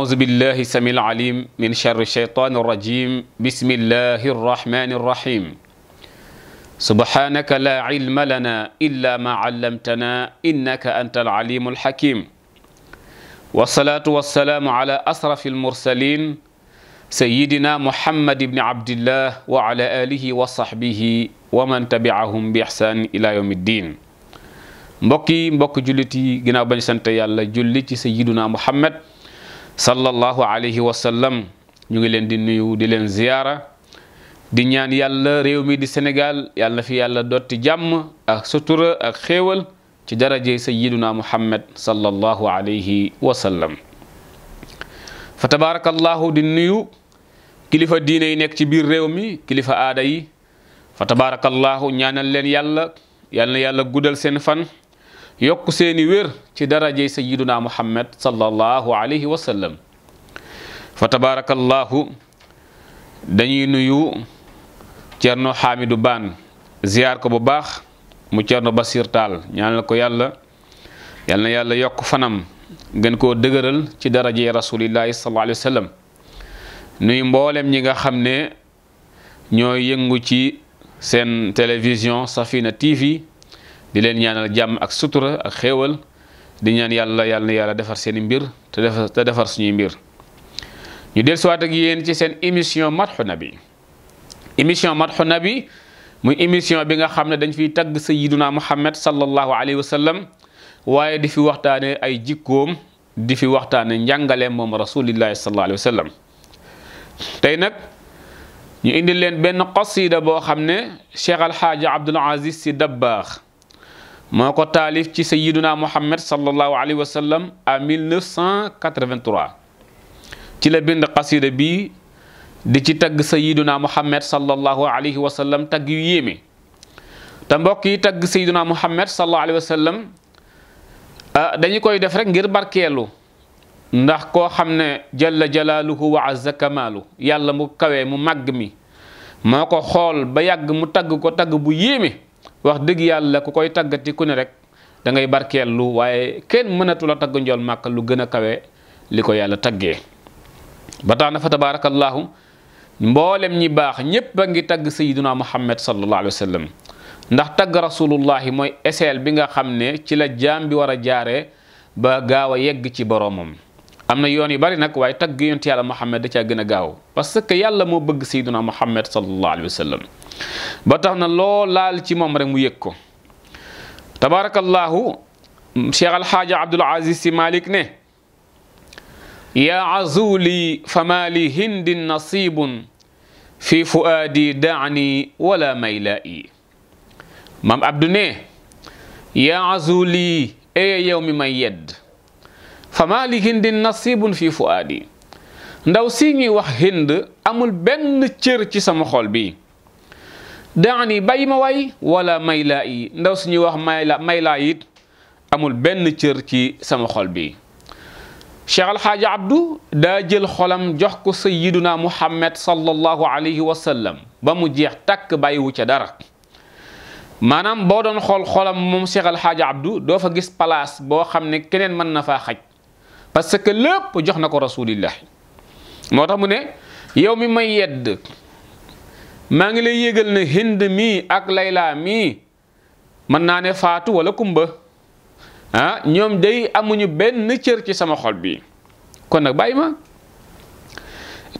أعوذ بالله السميع العليم من شر الشيطان الرجيم بسم الله الرحمن الرحيم سبحانك لا علم لنا إلا ما علمتنا إنك أنت العليم الحكيم والصلاة والسلام على أسرف المرسلين سيدنا محمد بن عبد الله وعلى آله وصحبه ومن تبعهم بإحسان إلى يوم الدين مبكي مبكي جلتي jullit سنتي الله جلتي سيدنا محمد sallallahu alayhi wa ñu ngi leen di nuyu di leen ziyaara di ñaan yàlla réew mi di Sénégal yàlla fi yàlla dotti jàmm ak sutura ak xéewal ci daraje sayyiduna muhammad sallallahu alayhi wa sallam fa tabaarakallahu di nuyu kilifa diine yi nekk ci biir réew mi kilifa aada yi fa tabaarakallahu ñaanal leen yàlla yàlla na seen fan yokk seeni wér ci darajey sayyiduna muhammad sallallahu alayhi wa sallam fa tabarakallahu dañuy nuyu cerno xaamidu baan ziyaar ko bu baax mu cerno basir taal ñaanal ko yàlla yal na yàlla yokk fanam gën koo dëgëral ci darajey rasulillahi sallallahu alayhi wa nuy mboolem ñi nga xam ne yëngu ci seen télévision safina tv di leen ñaanal jàmm ak sutura ak xewal di ñaan yàlla yàlla yàlla defar seen mbir te defar te defar suñu mbir ñu del suwat ak yéen ci seen émission madhu Nabi émission madhu Nabi muy émission bi nga xamne dañ fi tag sayyiduna Muhammad sallallahu alayhi wasallam waye di fi waxtane ay jikkoom di fi waxtane njangale mom rasulillahi sallallahu alayhi wasallam tay nak ñu indi len ben qasida bo xamne cheikh al haji Abdul Aziz Si dabbakh moo ko taalif ci sayyiduna muhammad sallallahu alayhi wa sallam à 1983 ci la bind xasida bi di ci tagg sayyiduna muhammad sallallahu alayhi wa tagg yu yéeme te mbokk yi tagg sayyiduna muhammad sallallahu alayhi wa ah, dañu koy def rek ngir barkeelu ndax koo xam ne jalla jalaaluhu wa azza yàlla mu kawee mu màgg mi moo ko xool ba yàgg mu tagg ko tagg bu yéeme wax dëgg yàlla ku koy tàggati ku ne rek dangay ngay lu waaye kenn mënatu la tagg njool màkk lu gën a kawe li ko yàlla taggee ba tax na fa tabaarakallaahu mboolem ñi baax ñépp a ngi tagg sayyiduna muhammad sallallahu alayhi wa sallam ndax tagg rasulullahi mooy eseel bi nga xam ne ci la jaam bi war a jaare ba gaaw a yegg ci boroomam am na yoon yu bari nag waaye tagg yonent yàlla muhammad da caa gën a gaaw parce que yàlla moo bëgg sayyiduna muhammad sallallahu alayhi wa sallam ba tax na loo laal ci moom rek mu yëg ko tabaarakallaahu cheikh alxaaja abdul aziz si malik ne ya azuli li hindin nasibun fi fuaadi daani wala mayla i maam abdu yow mi may yedd famaali hindin nasibun fi fuaadi ndaw si ñuy wax hind amul benn cër ci sama xol bi دعني باي ما ولا مايلاي نداو سيني واخ مايلا مايلايت امول بن تير كي سما خول بي شيخ الحاج عبدو دا جيل خولم جوخ كو سيدنا محمد صلى الله عليه وسلم بامو جيخ تاك باي وو تي دارا مانام بو دون خول خولم موم شيخ الحاج عبدو دو فا غيس بلاص بو خامني كينن من نفا خاج باسكو لب جوخ نكو رسول الله موتا مو ني يومي ما يد maa ngi lay yégal ne hind mii ak laylaa mii mën naa ne faatu wala kumba ah, ñoom day amuñu benn cër ci sama xol bi kon nag bàyyi ma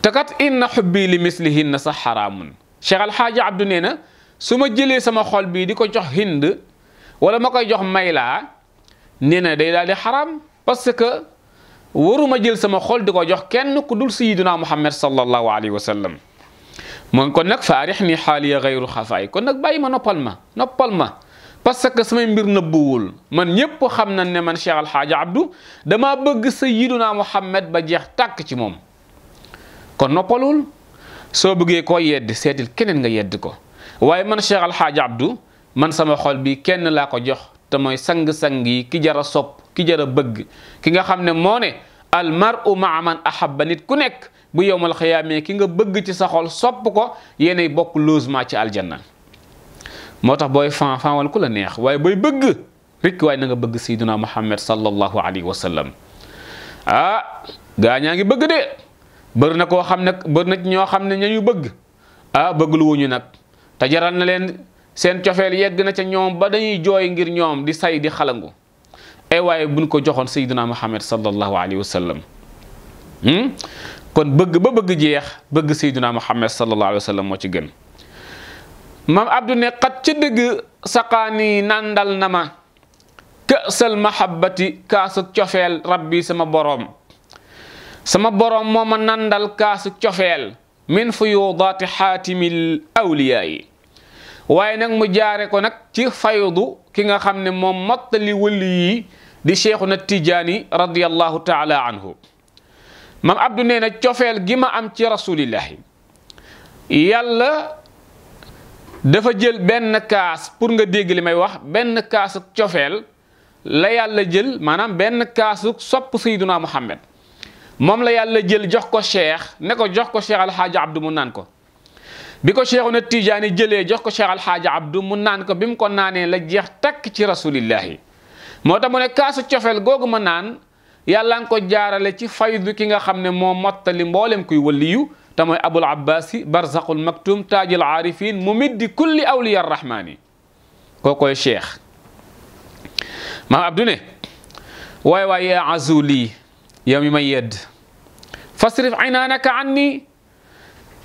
te kat na xubbi li mislihinna sax xaraamun Cheikh Alxaaji Abdu nee na su ma jëlee sama xol bii di ko jox hind wala ma koy jox maylaa nee na day daal di xaram parce que waruma jël sama xol di ko jox kenn ku dul sayiduna muhammad sallallahu alayhi wa sallam moom kon nag fa arix ni xaaliya gayru xafaay kon nag bàyyi ma noppal ma noppal ma parce que samay mbir nëbbuwul man ñépp xam nañ ne man Cheikh Al Hadj Abdou damaa bëgg sayyiduna Muhammad ba jeex tàkk ci moom kon noppalul soo bëggee koo yedd seetil keneen nga yedd ko waaye man Cheikh Al Hadj man sama xol bi kenn laa ko jox te mooy sang-sang yi ki jar a sopp ki jar a bëgg ki nga xam ne moo ne al mar'u ma'a man ahabba nit ku nekk bu yowmal khiyamé ki nga bëgg ci sa xol sop ko yene bokk logement ci aljanna motax boy fan fan wal kula neex way boy bëgg rek way na nga bëgg sayduna muhammad sallallahu Alaihi Wasallam. ah gaa nga bëgg de bër na koo xam bër na ñañu bëgg ah bëgg lu wuñu nak ta jaral na len sen tiofel yegg na ca ñoom ba dañuy joy ngir ñoom di say di xalangu ay eh, waaye buñ ko joxon sayduna muhammad sallallahu Alaihi Wasallam. Hmm. kon bëgg ba bëgg jeex bëgg sayduna muhammad sallallahu alayhi wa sallam moo ci gën maam abdu ne xat ci dëgg saqaanii nandal ma kësal mahabbati kaasu cofeel rabbi sama boroom sama boroom moo ma nandal kaasu cofeel min fuyudaati xaatimil awliyaa yi waaye nag mu jaare ko nag ci faydu ki nga xam ne moom mottali wëli yi di cheikhuna tijaani radiallahu taala anhu maam Abdou nee na cofeel gi ma am ci rasulillahi yàlla dafa jël benn kaas pour nga dégg li may wax benn kaasuk cofeel la yàlla jël maanaam benn kaasuk sopp sayduna muhammad moom la yàlla jël jox ko cheikh ne ko jox ko cheikh alxaaji abdu mu naan ko bi ko cheikhu na tijaani jëlee jox ko cheikh alxaaji abdu mu naan ko bi mu ko naanee la jeex takk ci rasulillahi moo tax mu ne kaasu cofeel googu ma naan yàlla nga ko jaarale ci faydu ki nga xam ne moo mottali mboolem kuy waliyu te mooy abul abbaasi barzaqul maktum taajil aarifin mu middi kulli awliya rahmaani kookoy cheikh maam abdu ne waay waay yaa azuli yow mi may yedd fasrif aynaanaka anni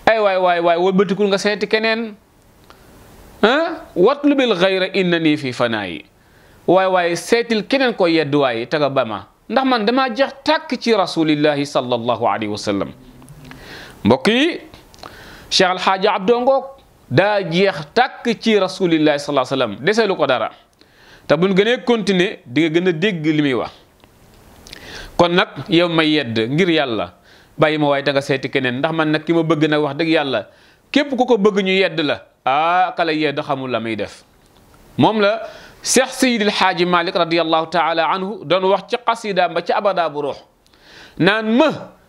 waay waay waay nga seeti keneen watlubil xayra innani fi fanaayi waay waay seetil keneen ko yedd waay taga bama ndax man damaa jeex tàkk ci rasulillahi sallallahu alayhi wa sallam mbokk yi Cheikh Al Hadj Abdou daa jeex tàkk ci rasulillahi sallallahu alayhi wa sallam ko dara te buñ gënee continuer di nga gën a dégg li muy wax kon nag yow may yedd ngir yàlla bàyyi ma waay da nga seeti keneen ndax man nag ki ma bëgg nag wax dëgg yàlla képp ku ko bëgg ñu yedd la ah kala yedd xamul la muy def moom la. شيخ سيد الحاج مالك رضي الله تعالى عنه دون وقت قصيده ما تي بروح نان م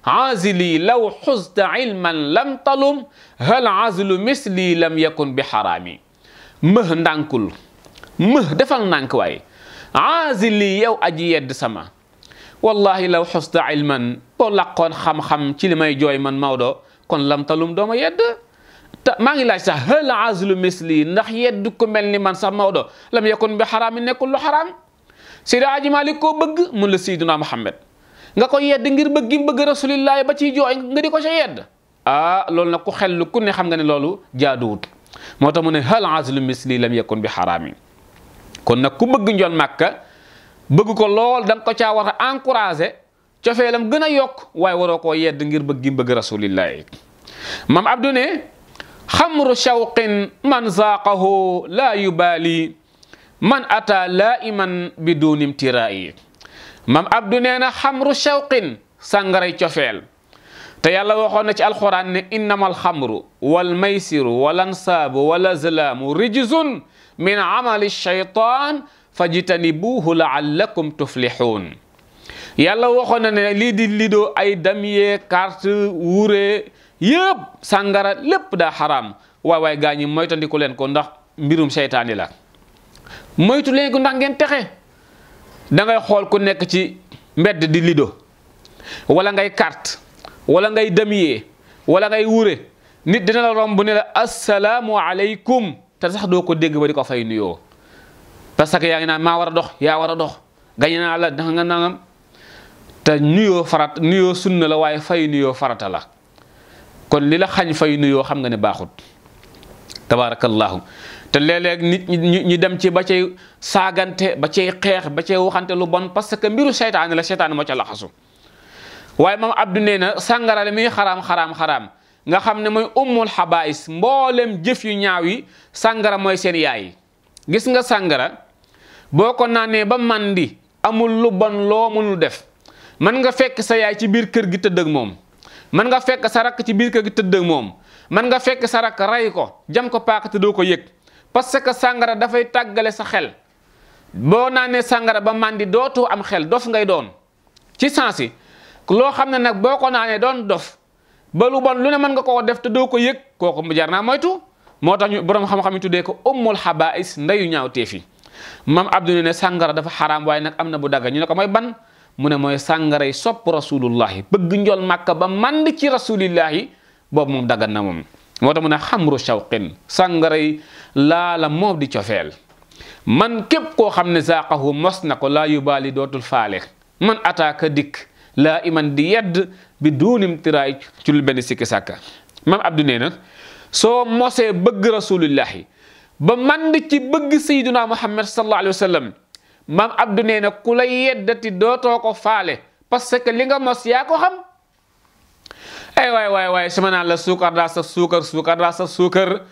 عازلي لو حزت علما لم تلوم هل عازل مثلي لم يكن بحرامي مه ندانكول مه دفال نانك واي عازلي يو اجي يد سما والله لو حزت علما بولاكون خم خم تي جوي من مودو كون لم تلم دوما يد maa ngi laaj sax hal azlu misli ndax yedd ku mel ni man sax Maodo lam yakun bi xaraami nekkul lu xaraam Seydi Aji Malik koo bëgg mun la Seydina Muhammad nga ko yedd ngir bëgg gi bëgg rasulillahi ba ciy jooy nga di ko ca yedd ah loolu nag ku xel ku ne xam nga ne loolu jaaduwut moo tax mu ne hal azlu misli lam yakun bi xaraami kon nag ku bëgg njoon màkka bëgg ko lool da ko caa war a encouragé cofeelam gën a yokk waaye waroo ko yedd ngir bëgg bëgg rasulillahi mam xamru shawqin man zaaqahu laa yubaali man ata laa'iman bi duunim mam abdu nee na xamru shawqin sàngaray cofeel te yàlla waxoon na ci alxuraan ne innama alxamru wal maysiru wal ansaabu wal azlaamu rijzun min amali lido ay damier carte wuure yeb sangara lepp da haram. way way gaa ñi moytandiku leen ko ndax mbirum seytaani la moytu len ko ndax ngeen texé eh. da ngay xol ku nek ci mbedd di lido wala ngay carte wala ngay ure. Eh. wala ngay wure nit dina la rombu ne la assalamu alaykum ta sax do ko deg ba di ko fay nuyo parce que ma wara dox ya war dox gañe la da nga nangam ta nuyo farat nuyo sunna la way fay nuyo farata la kon li la xañ fay nuyoo xam nga ne baaxut tabaarakallaahu te léeg-léeg nit ñi ñu dem ci ba cay saagante ba cay xeex ba cay waxante lu bon parce que mbiru seytaane la seytaane moo ca laxasu waaye moom Abdou na sàngarale mi xaraam xaraam xaraam nga xam ne mooy ummul xabaais mboolem jëf yu ñaaw yi sàngara mooy seen yaay gis nga sàngara boo ko naanee ba màndi amul lu bon loo mënul def mën nga fekk sa yaay ci biir kër gi tëdd ak moom man nga fekk sa rak ci biir kër gi ak mom man nga fekk sa rak ray ko jam ko pak te do ko yek parce que da fay tagale sa xel boo ne sangara ba mandi dootoo am xel dof ngay don ci sensi lo xamne ne boko boo ko don dof ba lu bon lu ne man nga ko def te do ko yek kooku mu jarna moytu motax ñu borom xam-xam ko ummul habais ndayu ñaaw tefi mam abdu ne sangara dafa haram way nak amna na bu dagga ñu ne ko moy ban mu ne mooy sàngaray sopp rasulullahi bëgg njool màkka ba mànd ci rasulillahi boobu moom dagan na moom moo tax mu ne xamru shawqin sàngaray laala moom di cofeel man képp koo xam ne saaqahu mos na ko laa yubaali dootul faale man ataaka dikk laa iman di yedd bi duunim tiraay ci lu benn sikki sàkka mam abdu nee na soo mose bëgg rasulillahi ba mànd ci bëgg sayduna muhammad sallallahu alayhi wa sallam Mam abdu neena na yeddati doto ko faale parce que li nga mos ya ko xam ay way way way sama na la sukar daa sukar sukar suukar daa saf suukar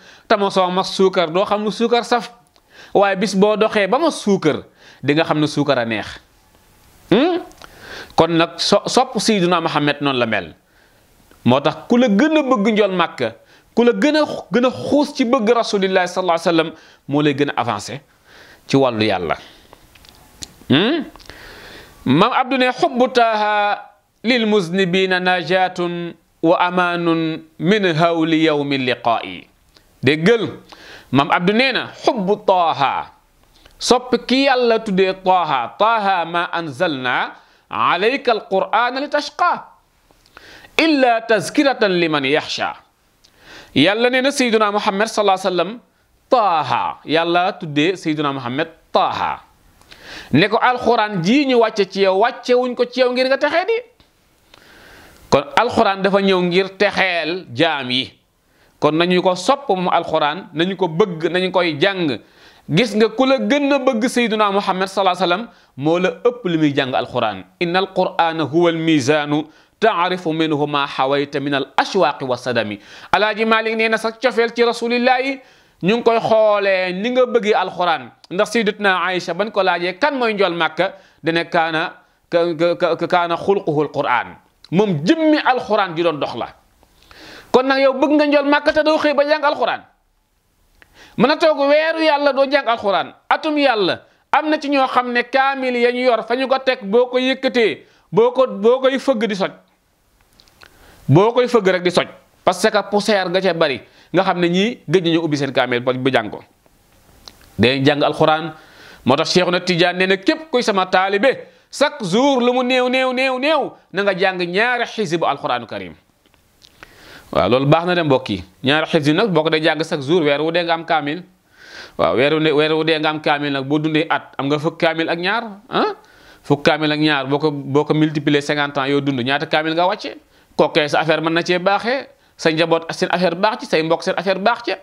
so mas sukar do xam lu saf way bis bo doxé ba ma sukar di nga xam ne a neex hmm? kon nak so sopp Muhammad non la mel motax kula gëna bëgg ñol makka kula gëna gëna xoos ci bëgg rasulullah sallallahu alaihi wasallam mo lay gëna avancer ci walu yalla مام عبدنا حب تاها للمذنبين نجاة وأمان من هول يوم اللقاء دقل مام عبدنا حب تاها سبكي الله تدي طه طه ما أنزلنا عليك القرآن لتشقى إلا تذكرة لمن يخشى نينا سيدنا محمد صلى الله عليه وسلم طه يالا تدي سيدنا محمد طه ne ko alxuraan jii ñu wàcce ci yow wàcce wuñ ko ci yow ngir nga texee di kon alxuraan dafa ñëw ngir texeel jaam yi kon nañu ko sopp moom alxuraan nañu ko bëgg nañu koy jàng gis nga ku la gën a bëgg sayduna muhammad salaa sallam moo la ëpp lu muy jàng alxuraan inna alqur'ana huwa almizaanu taarifu minhu ma xawayta min al ashwaaqi wa sadami alaaji maalik nee na cofeel ci rasulillah ñung koy xolé ni nga bëggee alquran ndax sayyidatna aisha ban ko laajee kan moy njool makka dene kana ka kana khulquhu alquran mom jëmmé alquran ji doon dox la kon nak yow bëgg nga njool makka te do xey ba jang alquran mën a toog weeru yàlla doo jàng atum yalla am ci ño ne kaamil ya yor fañu ko tek boko ko boko boo ko fëgg di soj boo koy fëgg rek di soj parce que poussière nga ca bari nga xam ne ñii gëj nañoo ubbi seen kaameel ba bu jàng ko day jàng moo tax Cheikh na Tidiane nee na képp kuy sama taalibe chaque jour lu mu néew néew néew néew na nga jàng ñaari xisib bu alxuraanu karim waaw loolu baax na de mbokk yi ñaari xisib nag boo ko dee jàng chaque jour weer wu dee nga am kaamil waaw weer wu ne weer wu dee nga am kaamil nag boo dundee at am nga fukk kaamil ak ñaar ah fukk kaamil ak ñaar boo ko boo ko multiplier cinquante ans yoo dund ñaata kaamil nga wàcce kookee sa affaire mën na cee baaxee. sa njabot seen affaire bax ci say mbok seen affaire bax ci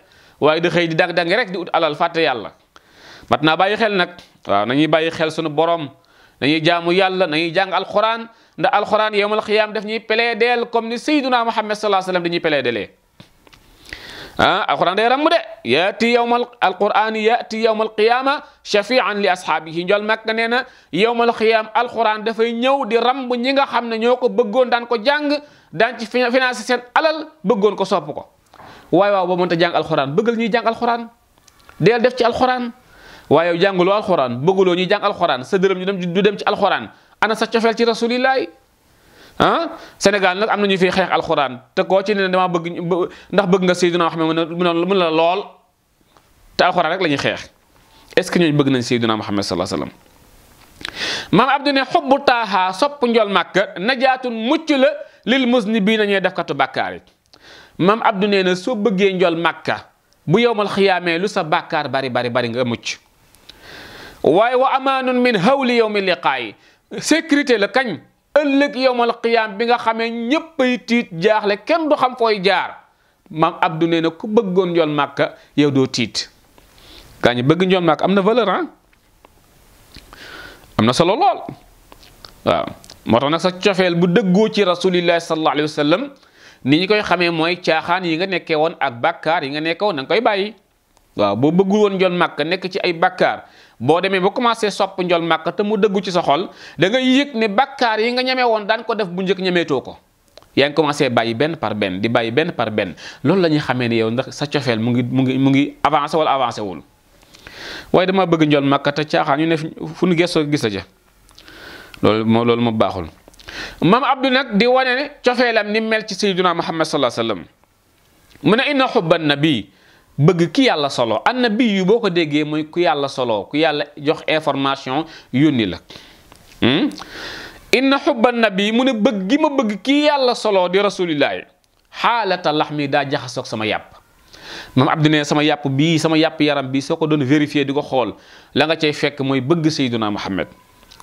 waaye da xey di dang rek di ut alal fàtte yàlla mat naa bàyyi xel nak wa nañuy baye xel sunu borom nañuy jaamu yàlla nañuy jang alquran nda alquran yowmal xiyaam daf ñuy plaideel comme ni sayyiduna muhammad sallallahu alaihi wasallam dañuy plaidelee ah alquran day ramu de yati yowmal alquran yati yowmal qiyam shafian li ashabihi njol mak neena na qiyam alquran da fay ñew di ramu ñi nga xamne ñoko beggon dan ko jang daan ci financé seen alal bëggoon ko sopp ko waaye waaw boo mënta jàng alxuraan bëggal ñuy jàng alxuraan deel def ci alxuraan waaye jàng lool alxuraan bëgguloo ñuy jàng alxuraan sa dërëm ñu dem du dem ci alxuraan ana sa cofeel ci rasulillahi ah Sénégal nag am na ñu fiy xeex alxuraan te koo ci ne dama bëgg ndax bëgg nga Seydina Muhammad mun la lool te alxuraan rek la ñuy xeex est ce que ñooñu bëgg nañ Seydina Muhammad sallallahu alayhi wa sallam maam Abdou ne xubbu taaha sopp njol màkk najaatun mucc la. lil musnibiina ñee defkatu bàkkaar yi maam Abdou nee soo bëggee njol màkka bu yowmal xiyaamee lu sa bàkkaar bari bari nga mucc waaye wa amaanun min hawli yowmi liqaayi sécurité la kañ ëllëg yowmal qiyaam bi nga xamee ñépp tiit jaaxle kenn du xam fooy jaar maam Abdou nee na ku bëggoon njool màkka yow doo tiit gaa ñi bëgg njool màkka am na valeur ah. am na solo lool motax nak sa tiofel bu deggo ci rasulillah sallallahu alaihi wasallam ni ñi koy xamé moy tiaxan yi nga nekké won ak bakkar yi nga nekkoon nang koy bayyi waaw bo bëggul won jol mak nek ci ay bakkar bo demé ba commencé sop njol mak te mu deggu ci sa xol da nga yek ne bakkar yi nga won daan ko def bu ñëk to ko ya nga commencé bayyi ben par ben di bayyi ben par ben loolu lañu xamé ne yow ndax sa tiofel mu ngi mu ngi mu ngi avancer wala avancer wul way dama bëgg njol mak te tiaxan ñu ne fu ñu gesso loolu moo loolu moo baaxul maam Abdou nag di wane ne cofeelam ni mel ci sayyiduna Muhammad sallallahu alayhi wasallam mu ne inna xubban nabi bëgg ki yàlla solo an nabi yu boo ko déggee mooy ku yàlla solo ku yàlla jox information yónni la hmm? inna xubban nabi mu ne bëgg gi ma bëgg ki yàlla solo di rasulillahi xaalata lax mi daa jaxasoog sama yàpp maam Abdou sama yàpp bii sama yàpp yaram bii soo ko doon vérifier di ko xool la nga cay fekk mooy bëgg sayyiduna Muhammad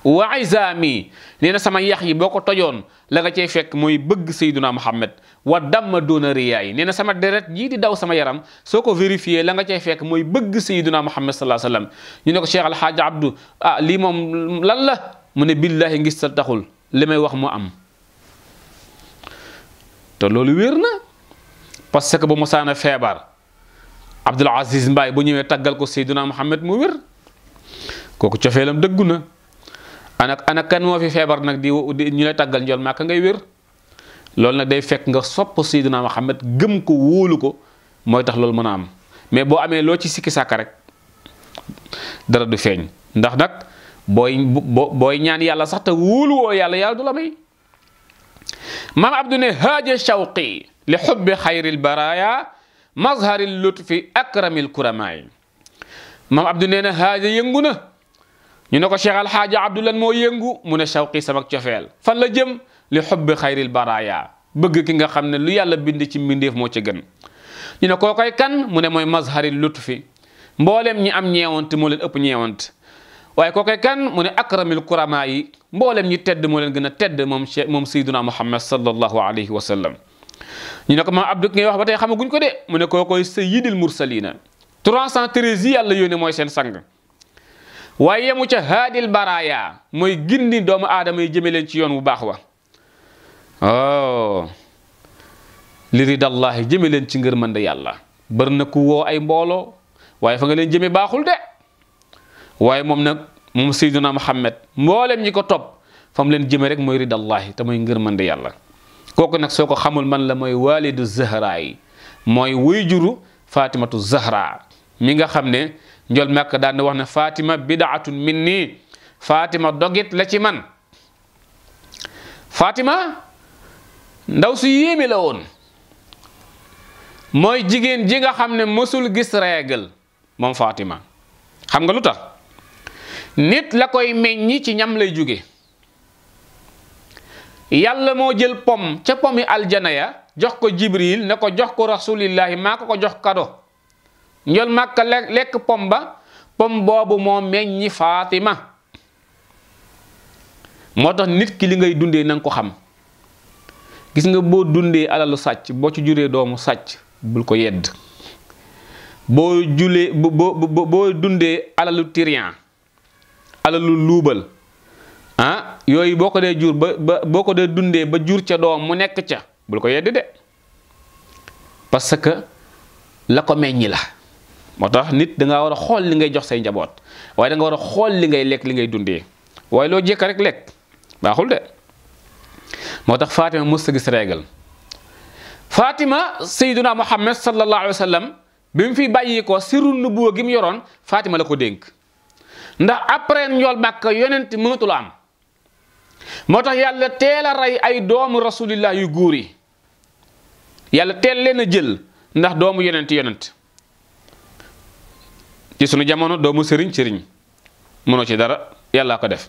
wa izami nee na sama yax yi boo ko tojoon la nga cay fekk mooy bëgg sayduna muhammad wa damma doona riyaa yi nee na sama deret jii di daw sama yaram soo ko vérifié la nga cay fekk mooy bëgg sayduna muhammad sallallahu alayhi wasallam ñu ne ko cheikh alxaaja abdou ah lii moom lan la mu ne billahi ngis sa taxul li may wax mu am te loolu wér na parce que ba mosaana feebar abdul aziz mbaay bu ñëwee taggal ko sayduna muhammad mu wér kooku cofeelam dëggu na ana ana kan moo fi feebar nag di ñu lay tàggal njool màkk ngay wér loolu na day fekk nga sopp Seydina Muhammad gëm ko wóolu ko mooy tax loolu mën a am mais boo amee loo ci sikki sàkka rek dara du feeñ ndax nag booy booy ñaan yàlla sax te wóolu yàlla yàlla du la may maam abdu ne haaja shawqi li xubbi xayril baraaya mazharil lutfi akramil kuramaay maam abdu nee na haaja yëngu na ñu ne ko cheikh alxaaji abdu lan yëngu mu ne shawqi samak tiofel fan la jëm li hubb khairil baraya bëgg ki nga xamne lu yàlla bind ci mindeef mo ci gën ñu ne koy kan mu ne mazharil lutfi mbollem ñi am ñewont mo leen ëpp ñewont waye ko koy kan mu ne akramil kuramaa yi mbooleem ñi tedd mo leen gëna tedd mom che moom muhammad sallallahu alayhi wa sallam ñu ne ko ma abdu ngay wax batay xamaguñ ko de mu ne koy sayyidil mursalina 313 yi yàlla yone moy sen sang waaye yemu ca haadil baraaya mooy gindi doomu aadama yi jëme leen ci yoon wu baax wa oh li ridallahi jëme leen ci ngërmande yàlla bër na ku woo ay mbooloo waaye fa nga leen jëme baaxul de waaye moom nag moom sayyiduna Muhammad mboolem ñi ko topp fa mu leen jëme rek mooy ridallahi te mooy ngërmande yàlla kooku nag soo ko xamul man la mooy waalidu zahra yi mooy wuy juru fatimatu zahra mi nga xam ne njol màkk daan na wax ne fatima bidaatun min faatima fatima la ci man faatima ndaw su yéeme la woon mooy jigéen ji nga xam ne mësul gis règle moom fatima xam nga lu tax nit la koy meññi ci ñam lay jóge yàlla moo jël pom ca pomi aljana ya jox ko jibril ne ko jox ko rasulillahi maa ko ko jox kado njol màkka lekk pom ba pom boobu moo meññi Fatima moo tax nit ki li ngay dundee na ko xam gis nga boo dundee alalu sàcc boo ci juree doomu sàcc bul ko yedd boo julee boo dundee alalu tiriyan alalu luubal ah yooyu boo ko dee jur ba ba boo ko dee dundee ba jur ca doom mu nekk ca bul ko yedd de parce que la ko meññi la moo tax nit danga war a xool li ngay jox say njaboot waaye da nga war a xool li ngay lekk li ngay dundee waaye loo jekk rek lekk baaxul de moo tax Fatima mos a gis régal Fatima Seydina Muhammad sallallahu alayhi wa sallam bi mu fi bàyyi ko sirru nubuwa gi mu yoroon Fatima la ko dénk ndax après njool Màkka yonent mënatul am moo tax yàlla teel a rey ay doomu rasulillah yu góor yi yàlla teel leen a jël ndax doomu yonent yonent. ci sunu jamono doomu sëriñ sëriñ mënoo ci dara yàllaa ko def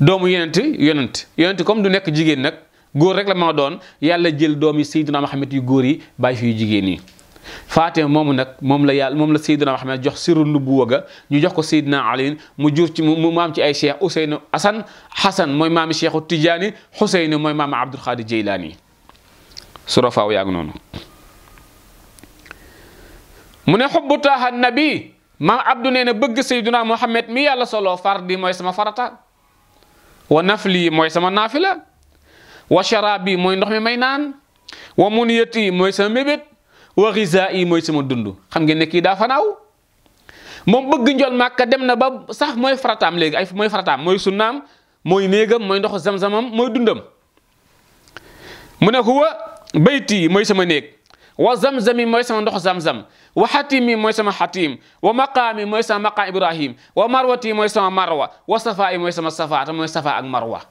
doomu yonent yonent yonent comme du nekk jigéen nag góor rek la ma doon yàlla jël doom yi Seydina Muhammad yu góor yi bàyyi fi yu jigéen yi Fatima moomu nag moom la yàlla moom la Seydina Muhammad jox siru nubuwa ga ñu jox ko Seydina Ali mu jur ci mu maam ci ay cheikh Ousseynou Assane Hassan mooy maami cheikhu Tijaani Xuseynu mooy maami Abdul Xaadir Jeylaani surafaaw yaa ngi noonu mu ne xubbu taaxa nabi ma abdu neena na bëgg muhammad mi yalla solo fardi moy sama farata wa nafli moy sama nafila wa sharabi moy ndox mi may naan wa muniyati moy sama mebet wa ghizai moy sama dundu xam ngeen ne kii daa fanaaw moom bëgg njol makka dem na ba sax mooy farataam legi ay moy farataam moy sunnam moy néegam moy ndoxu zamzamam moy dundam mu ne huwa bayti moy sama néeg wa zamzami mooy sama ndox zamzam wa xatimi mooy sama xatim wa maqaami mooy sama maqaam ibrahim wa marwati mooy sama marwa wa safaayi mooy sama safaata marwa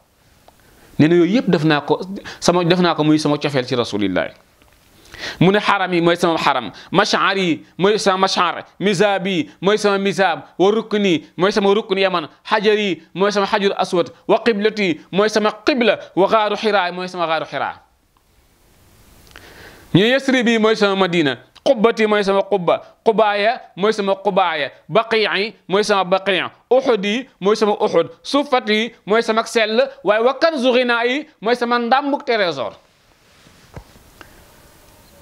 nee na yooyu yëpp def naa ko sama def naa ko muy sama cofeel ci rasulillahi mu ne xaram mooy sama xaram mashar yi mooy sama mashar misaab mooy sama misaab wa rukni yi mooy sama rukni yaman xajar mooy sama xajur aswad wa qiblati mooy sama qibla wa xaaru xiraa mooy sama xaaru xiraa ñu yasri bii mooy sama madina qubbati mooy sama qubba qubaaya mooy sama qubaaya baqiici mooy sama baqiic uxud yi mooy sama uxud suufat yi mooy sama sell waaye wakkan zuxinaa yi mooy sama ndàmbuk trésor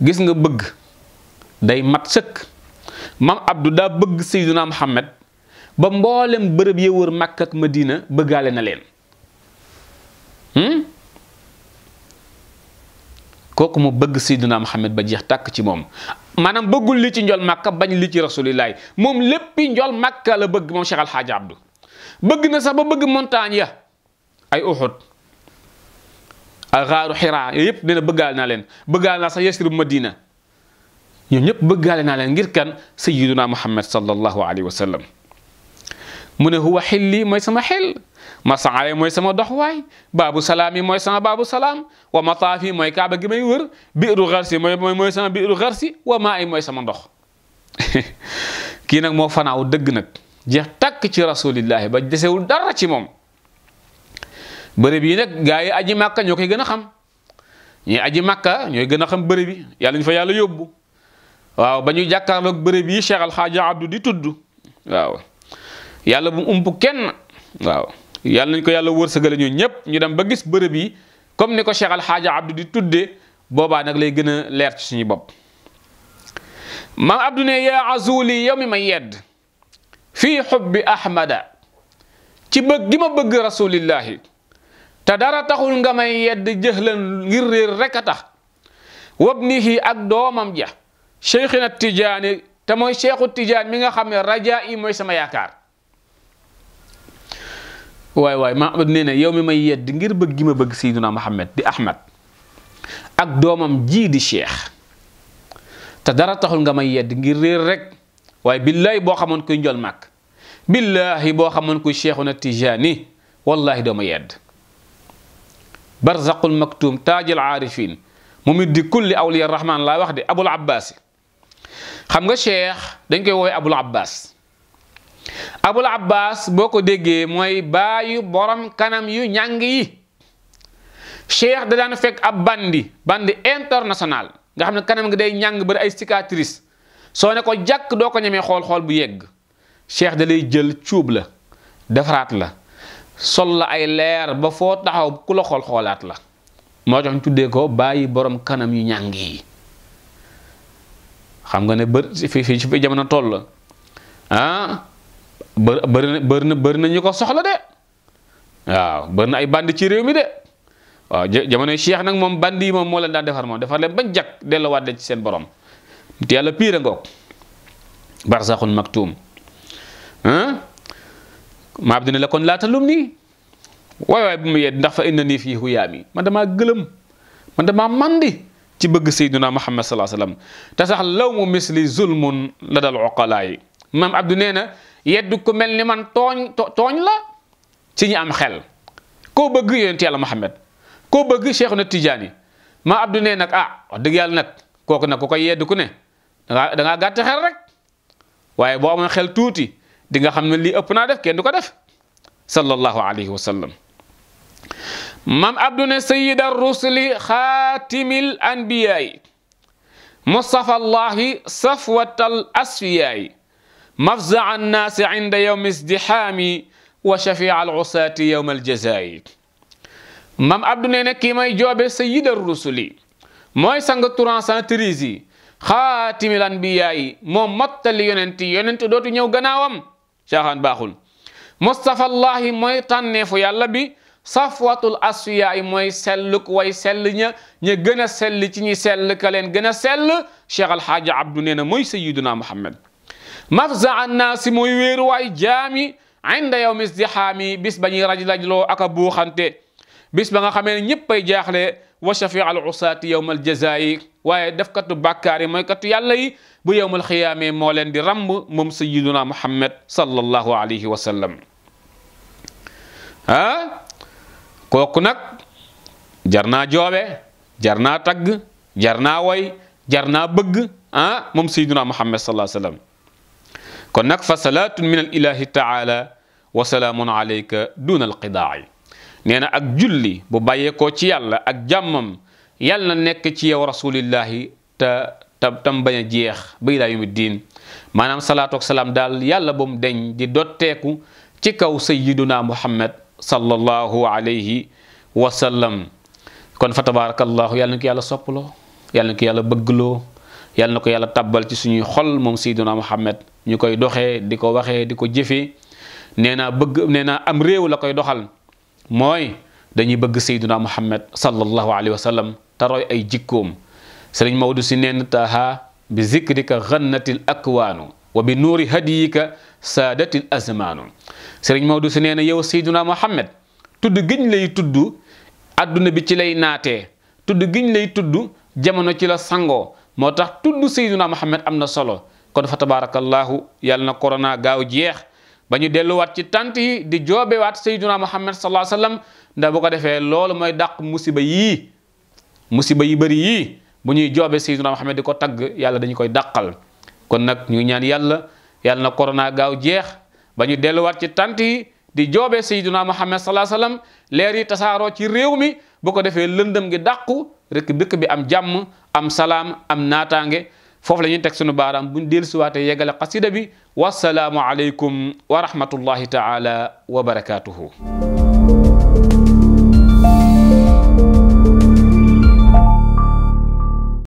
gis nga bëgg day mat sëkk maam Abdou daa bëgg Seydina Muhammad ba mboolem bërëb ya wër Makka ak Madina bëggaale na leen kooku mu bëgg Seydina Muhammad ba jeex tàkk ci moom maanaam bëggul li ci njol màkka bañ li ci rasulillahi moom léppi njol màkka la bëgg moom Cheikh Al Hadj bëgg na sax ba bëgg montagne ya ay Uhud ay xaaru Xiraa yooyu yëpp nee na bëggaale naa leen bëggaale naa sax Yasrib Madina ñoom ñëpp bëggaale naa leen ngir kan Seydina Muhammad sallallahu alayhi wa sallam mu ne huwa xilli mooy sama xel. masaaya moy sama dox way babu salami moy sama Babu Salam, wa matafi moy kaaba gi may wër biiru xarsi moy moy sama biiru gharsi wa ma'i moy sama dox ki nak mo fanaaw deug nak jeex tak ci rasulillah ba deseul dara ci mom beure bi nak gaay aji makka ñoo koy gën xam ñi aji makka ñoy gëna xam beure bi yalla ñu fa yalla yobbu waaw bañu ñu jàkkaarloog bërëb yi Cheikh Alxaaja abdou di tuddu waaw yalla bu umpu kenn waaw yàlla nañ ko yàlla wërsëgale ñun ñëpp ñu dem ba gis bërëb yi comme ni ko Cheikh Alxaaja Abdou di tudde boobaa nag lay gën a leer ci suñu bopp maam Abdou ne yaa azuli yow mi ma yedd fii xubbi ahmada ci bëgg gi ma bëgg rasulillahi te dara taxul nga may yedd jëxlan ngir réer rek a tax wabnihi ak doomam ja cheikhina tijaani te mooy cheikhu tijaan mi nga xam ne raja mooy sama yaakaar waaye waaye ma nee na yow mi may yedd ngir bëggi ma bëgg Seydina Muhammad di Ahmad ak doomam jii di Cheikh te dara taxul nga may yedd ngir réer rek waaye billahi boo xamoon kuy njol màkk billahi boo xamoon kuy Cheikhuna Tijaani wallahi doo ma yedd barzaqul maktum taajil aarifin mu mit di kulli awliya rahman laa wax de abul abbas xam nga Cheikh dañ koy woowee abul abul abbas boo ko déggee mooy baayu borom kanam yu ñàng yi cheikh da daan fekk ab bandi bandi international nga xam ne kanam gi day ñàng bari ay cicatrice soo ne ko jàkk doo ko ñemee xool xool bu yegg cheikh da lay jël cuub la defaraat la sol la ay leer ba foo taxaw ku la xool xoolaat la moo tax ñu tuddee ko bàyyi boroom kanam yu ñàng yi xam nga ne bër fi fi jamono toll la ah, bë bëri bëri deh ko soxla de waaw bëri ay bandi ci rew mi de waaw jamono cheikh nak mom bandi mom mo moo leen defar mom defar leen bañ ci sen borom te yalla pire ngok barzakhun maktum hein ma abdina la kon la talumni way way bu mu yedd ndax fa inna fi huyami man dama man dama mandi ci bëgg sayyiduna muhammad alaihi wasallam ta sax law misli zulmun ladal uqalai mam abdu neena yeddu ku mel ni man tooñ tooñ la ci ñi am xel koo bëgg yonent yàlla Muhammad koo bëgg Cheikhuna Tijaani maa abdu ne nag a ah, wax dëgg yàlla nag kooku nag ku koy yeddu ku ne dangaa dangaa gàtt xel rek waaye boo amoon xel tuuti di nga xam ne lii ëpp naa def kenn du ko def sallallahu alayhi wa sallam maam abdu ne sayida rusuli xaatimil anbiyaay mustafa allahi safwatal asfiyaay مفزع الناس عند يوم ازدحام وشفيع العصاة يوم الجزاء مام عبد نينكي كيماي جواب سيد الرسل موي سانغ توران سان تريزي خاتم الانبياء موم متال يوننتي يوننتي دوتو نيو غناوام شاخان باخول مصطفى الله موي تانيفو يالا بي صفوه asfiya yi mooy selluk way sell ña ña gën a sell ci ñi sell ka leen gën a sell Cheikh Alxaaji Abdu mafza an naasi muy wéeruwaay jaami inda yow mis di xaami bis ba ñuy raj lajloo ak a buuxante bis ba nga xamee ne ay jaaxle wa shafi al waaye defkatu bàkkaar yi mooy katu yàlla bu yowmal xiyaamee moo leen di ramb moom sayiduna muhammad sallallahu alayhi wa sallam ah kooku nag jar naa joobe jar naa tagg jar naa woy jar naa bëgg ah moom sayiduna muhammad sallallahu alayhi wa kon nag fa salaatun min al ilahi wa salaamun alayka duna alqidaai nee ak julli bu bàyyeekoo ci yàlla ak jàmmam yàlla na nekk ci yow rasulillahi te te tam jeex ba ilaa yawmi diin maanaam salaatu ak salaam daal yàlla bu mu deñ di dotteeku ci kaw sayyiduna muhammad sallallahu alayhi wa sallam kon fa tabarakallahu yàlla na ko yàlla soppaloo yàlla na ko yàlla bëggloo yàlla na ko yàlla tabbal ci suñuy xol moom sayyiduna muhammad ñu koy doxee di ko waxee di ko jëfee nee naa bëgg nee naa am réew la koy doxal mooy dañuy bëgg sayduna muhammad sallallahu alayhi wa sallam taroy ay jikkoom sëriñ Maodo si neen taha bi zikrika xannatil akwaanu wa bi nuuri hadiyika saadatil azmaanu sëriñ Maodo si nee na yow sayduna muhammad tudd giñ lay tudd adduna bi ci lay naate tudd giñ lay tudd jamono ci la sangoo moo tax tudd sayduna muhammad am na solo kon fa tabarakallahu yalna corona gaaw jeex bañu delu wat ci tant di jobe wat sayyiduna muhammad sallallahu alaihi wasallam nda bu ko defé lolou moy dak musiba yi musiba yi bari yi bu ñuy joobe sayyiduna muhammad di ko yalla dañ koy dakal kon nak ñu ñaan yalla yalna corona gaaw jeex bañu delu wat ci tant di jobe sayyiduna muhammad sallallahu alaihi wasallam leer yi tasaaroo ci réew mi bu ko defé lëndëm gi dakku rek dekk bi am jàmm am salam am natange foofu la ñuy teg sunu baaraam buñ dellusiwaatee yeggale xasida bi wasalaamu aleykum wa rahmatullahi taala wa barakaatuhu